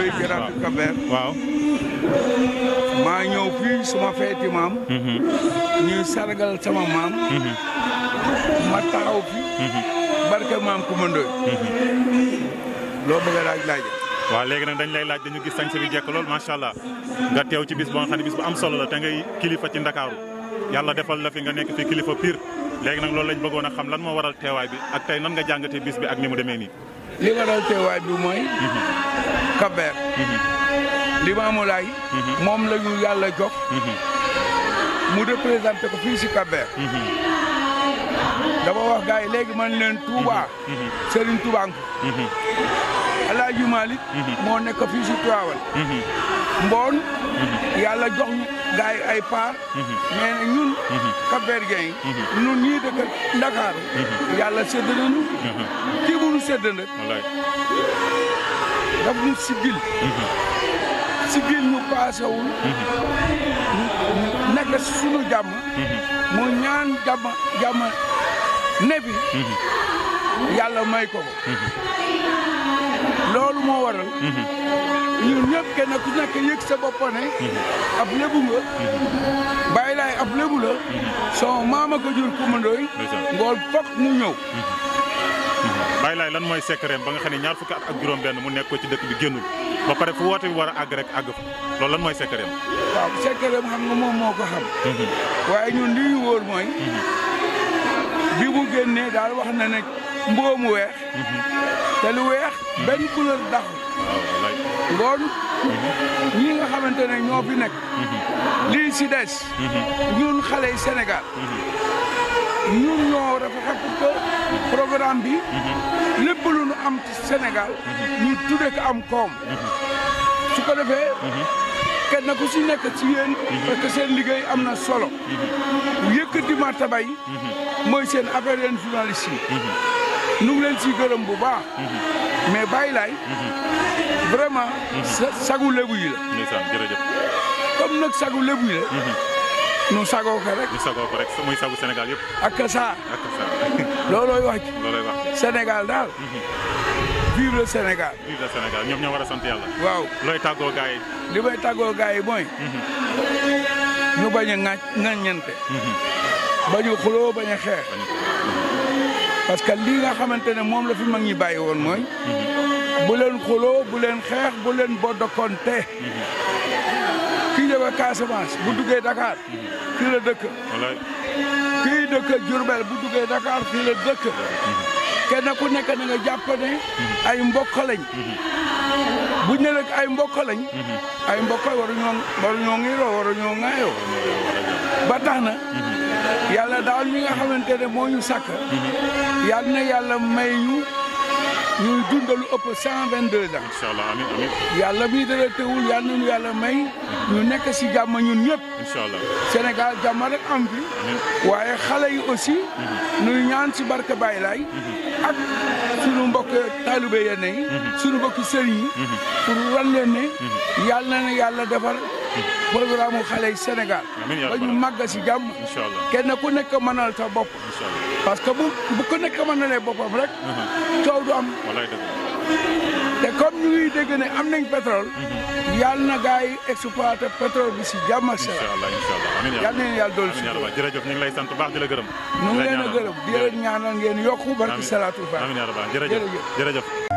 Ndoye Pirate waaw maa ñëw fii suma feeti maam mhm. ñuy sargal sama maam mhm. ma taxaw fi mhm. barke maam Coumba Ndoye loo bëgg a laaj laaj waaw léegi nag dañ lay laaj dañu gis sañse bi jekk lool macha nga teew ci bis boo xam bis bu am solo la te ngay kilifa ci ndakaaru yàlla defal la fi nga nekk fi kilifa pire léegi nag loolu lañ bëggoon a xam lan moo waral teewaay bi ak tey nan nga jàngatee bis bi ak ni mu demee nii li waral teewaay bi mooy Kabeer mhm. Limaamu Laay mhm. moom la ñu yàlla jox mhm. mu représenté ko fii si Kabeer dama wax gars yi léegi man leen Touba Serigne Touba El Hadj Malick mhm. moo nekk fii si mhm. mboon mhm. yàlla jox gaay ay paar mais na ñun Cap-Verdien yi ñun ñii dëkk Ndakaar yàlla sédd nañu kii bu ñu sédd daf ñu siggil siggil ñu paasewul nekk suñu jàmm mu ñaan jàmm jàmm nebi yàlla may ko ko loolu moo waral ñun ñëpp kenn ku nekk yëg sa bopp ne ab lébu nga bàyyi laay ab lébu la son maama ko jur kumandooy ngool fokk mu ñëw bàyyi lan mooy secret ba nga xam ne ñaar fukki at ak juróom benn mu nekk ko ci dëkk bi génnul ba pare fu woote bi war àgg rek àgg fa loolu lan mooy secret waaw secret xam nga moom moo ko xam mhm. waaye ñun li ñu mooy bi mu génnee daal wax na ne mboo mu weex benn couleur daxu ngoon ñi nga xamante ne ñoo fi nekk lii si des ñun xale yi Sénégal ñun ñoo dafa xekk que bi lépp lu nu am ci Sénégal ñu tudde am koom su ko defee kenn ku si nekk ci yéen parce liggéey am na solo yëkkati martabay mooy seen affaire yéen ñu ngi leen si gërëm bu baax. Mhm. mais bàyyi laay. Mhm. vraiment. Mhm. sagu lébu yi la. ndeysaan jërëjëf. comme sagu lébu yi nu sagoo ko rek. nu sagoo ko muy sagu Sénégal yëpp. ak saa. saa loolooy wax. loolooy wax Sénégal daal. vive le Sénégal. ñoo war a yàlla. waaw looy tàggoo gars yi. li may tàggoo gars yi mooy. ñu bañ a ŋaññante. a xuloo bañ a xeex. parce que lii nga xamante ne moom la fi mag ñi bàyyi woon mooy bu leen xuloo bu leen xeex bu leen boddokonte kii jóge Casamance bu duggee Dakar fii la dëkk kii dëkk Diourbel bu duggee Dakar fii la dëkk kenn ku nekk na nga jàpp ay mbokk lañ bu ñu ay mbokk lañ ay mbokk waruñoo waruñoo ngiroo waruñoo ŋaayoo ba tax na yàlla daal mi nga xamante ne moo ñu sàkk yal na yàlla may ñu ñuy dundalu ëpp cent vingt deux ans yàlla mii dara teewul yal nañu yàlla may ñu nekk si jàmm ñun ñëpp incha allah Sénégal jàmm am fi waaye xale yi aussi ñuy mhm. ñaan si barke Baye Laay mhm. ak suñu mbokk taalibe yenn yi mhm. suñu mbokk sëriñ yi pour wan leen ne yàlla na yàlla defar bu programme xale yi Sénégal ba ñu màgg si jàmm kenn ku nekk mënal sa bopp parce que bu bu ko nekk mënalee boppam rek uh-huh. coow du am te comme ñu ngi dégg ne am nañ pétrole uh-huh. yàlla na gars yi exploité pétrole bi si jàmm ak salaam yàlla na leen yàlla dool si jërëjëf ñu ngi lay sant bu baax di la gërëm ñu ngeen leen a gërëm di leen ñaanal ngeen yokku barki salaatul baax jërëjëf jërëjëf